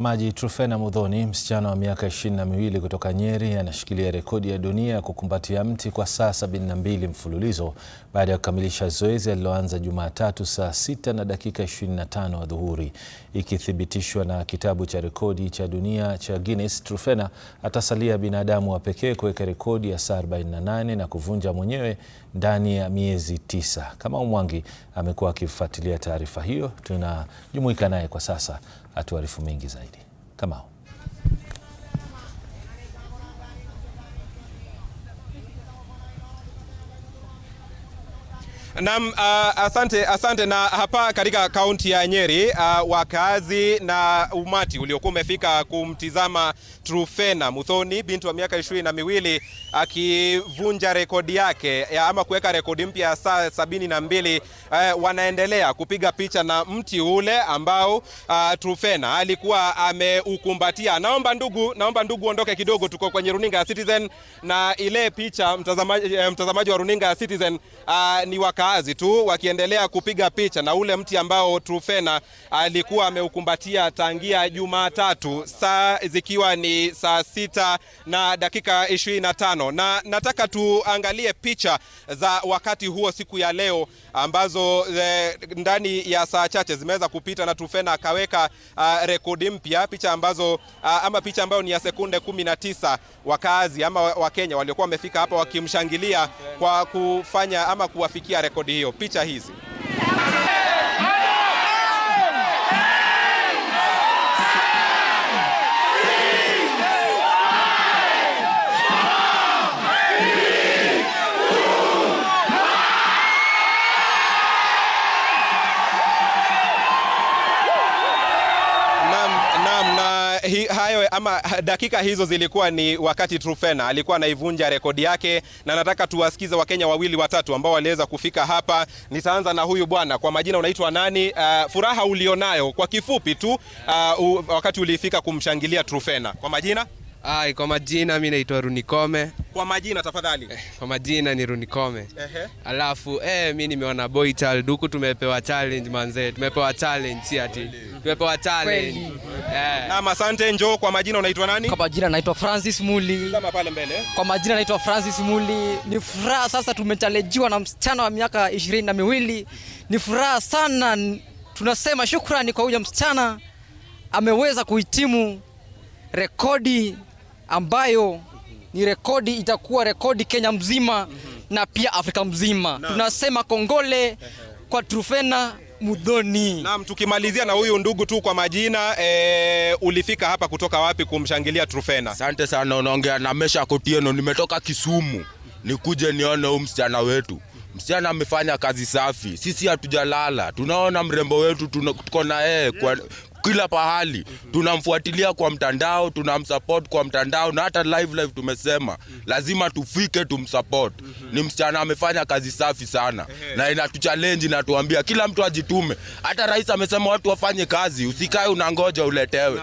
Maji Truphena Muthoni, msichana wa miaka ishirini na miwili kutoka Nyeri, anashikilia rekodi ya dunia ya kukumbatia mti kwa saa 72 mfululizo baada ya kukamilisha zoezi aliloanza Jumatatu saa sita na dakika 25 adhuhuri. Ikithibitishwa na kitabu cha rekodi cha dunia cha Guinness, Truphena atasalia binadamu wa pekee kuweka rekodi ya saa 48 na kuvunja mwenyewe ndani ya miezi tisa. kama umwangi amekuwa akifuatilia taarifa hiyo, tunajumuika naye kwa sasa atuarifu mengi zaidi. Kamao. Naam, uh, asante, asante. Na hapa katika kaunti ya Nyeri uh, wakazi na umati uliokuwa umefika kumtizama Truphena Muthoni, binti wa miaka ishirini na miwili akivunja rekodi yake ya ama kuweka rekodi mpya ya saa sabini na mbili uh, wanaendelea kupiga picha na mti ule ambao uh, Truphena alikuwa ameukumbatia. Naomba ndugu, naomba ndugu ondoke kidogo, tuko kwenye runinga ya Citizen na ile picha mtazamaji, eh, mtazamaji wa runinga ya Citizen uh, ni waka mbaazi tu wakiendelea kupiga picha na ule mti ambao Trufena alikuwa ameukumbatia tangia Jumatatu, saa zikiwa ni saa sita na dakika ishirini na tano na nataka tuangalie picha za wakati huo siku ya leo ambazo e, ndani ya saa chache zimeweza kupita na Trufena akaweka ah, rekodi mpya, picha ambazo a, ah, ama picha ambayo ni ya sekunde kumi na tisa wakazi ama Wakenya waliokuwa wamefika hapa wakimshangilia kwa kufanya ama kuwafikia rekodi rekodi hiyo, picha hizi hi, hayo ama dakika hizo zilikuwa ni wakati Trufena alikuwa anaivunja rekodi yake, na nataka tuwasikize Wakenya wawili watatu ambao waliweza kufika hapa. Nitaanza na huyu bwana, kwa majina unaitwa nani? Uh, furaha ulionayo kwa kifupi tu, uh, u, wakati ulifika kumshangilia Trufena, kwa majina Ai, kwa majina mimi naitwa Runikome. Kwa majina tafadhali. Eh, kwa majina ni Runikome. Ehe. Alafu eh, mimi nimeona boy child huku tumepewa challenge manze, tumepewa challenge si ati. Tumepewa challenge. Kweli. Yeah. Na asante njo kwa majina unaitwa nani? Kwa majina naitwa Francis Muli. Kama pale mbele. Kwa majina naitwa Francis Muli. Ni furaha sasa tumechalejiwa na msichana wa miaka ishirini na miwili. Ni furaha sana, tunasema shukrani kwa huyo msichana ameweza kuhitimu rekodi ambayo ni rekodi itakuwa rekodi Kenya mzima mm -hmm. na pia Afrika mzima no. Tunasema kongole kwa Trufena Mudhoni. Naam, tukimalizia na huyu ndugu tu kwa majina e, ulifika hapa kutoka wapi kumshangilia Trufena? Asante sana, unaongea na Mesha Kotieno. Nimetoka Kisumu nikuje nione huyu msichana wetu. Msichana amefanya kazi safi, sisi hatujalala, tunaona mrembo wetu, tuko na yeye kwa kila pahali, tunamfuatilia kwa mtandao, tunamsupport kwa mtandao, na hata live live tumesema lazima tufike tumsupport ni msichana amefanya kazi safi sana na inatuchallenge inatuambia kila mtu ajitume. Hata rais amesema watu wafanye kazi, usikae unangoja uletewe,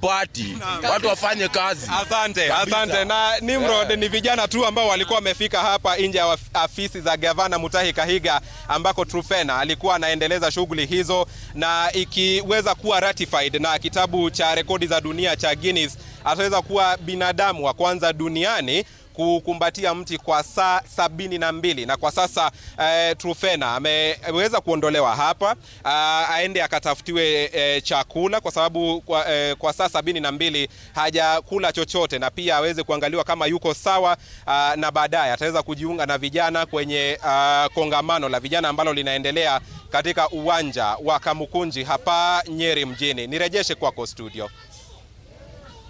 party Watu wafanye kazi. Asante, asante. Na Nimrod, ni vijana tu ambao walikuwa wamefika hapa nje ya afisi za gavana Mutahi Kahiga ambako Trufena alikuwa anaendeleza shughuli hizo na ikiweza kuwa ratified na kitabu cha rekodi za dunia cha Guinness ataweza kuwa binadamu wa kwanza duniani kukumbatia mti kwa saa sabini na mbili na kwa sasa eh, Trufena ameweza kuondolewa hapa ah, aende akatafutiwe eh, chakula kwa sababu kwa, eh, kwa saa sabini na mbili hajakula chochote, na pia aweze kuangaliwa kama yuko sawa ah, na baadaye ataweza kujiunga na vijana kwenye ah, kongamano la vijana ambalo linaendelea katika uwanja wa Kamukunji hapa Nyeri mjini. Nirejeshe kwako studio.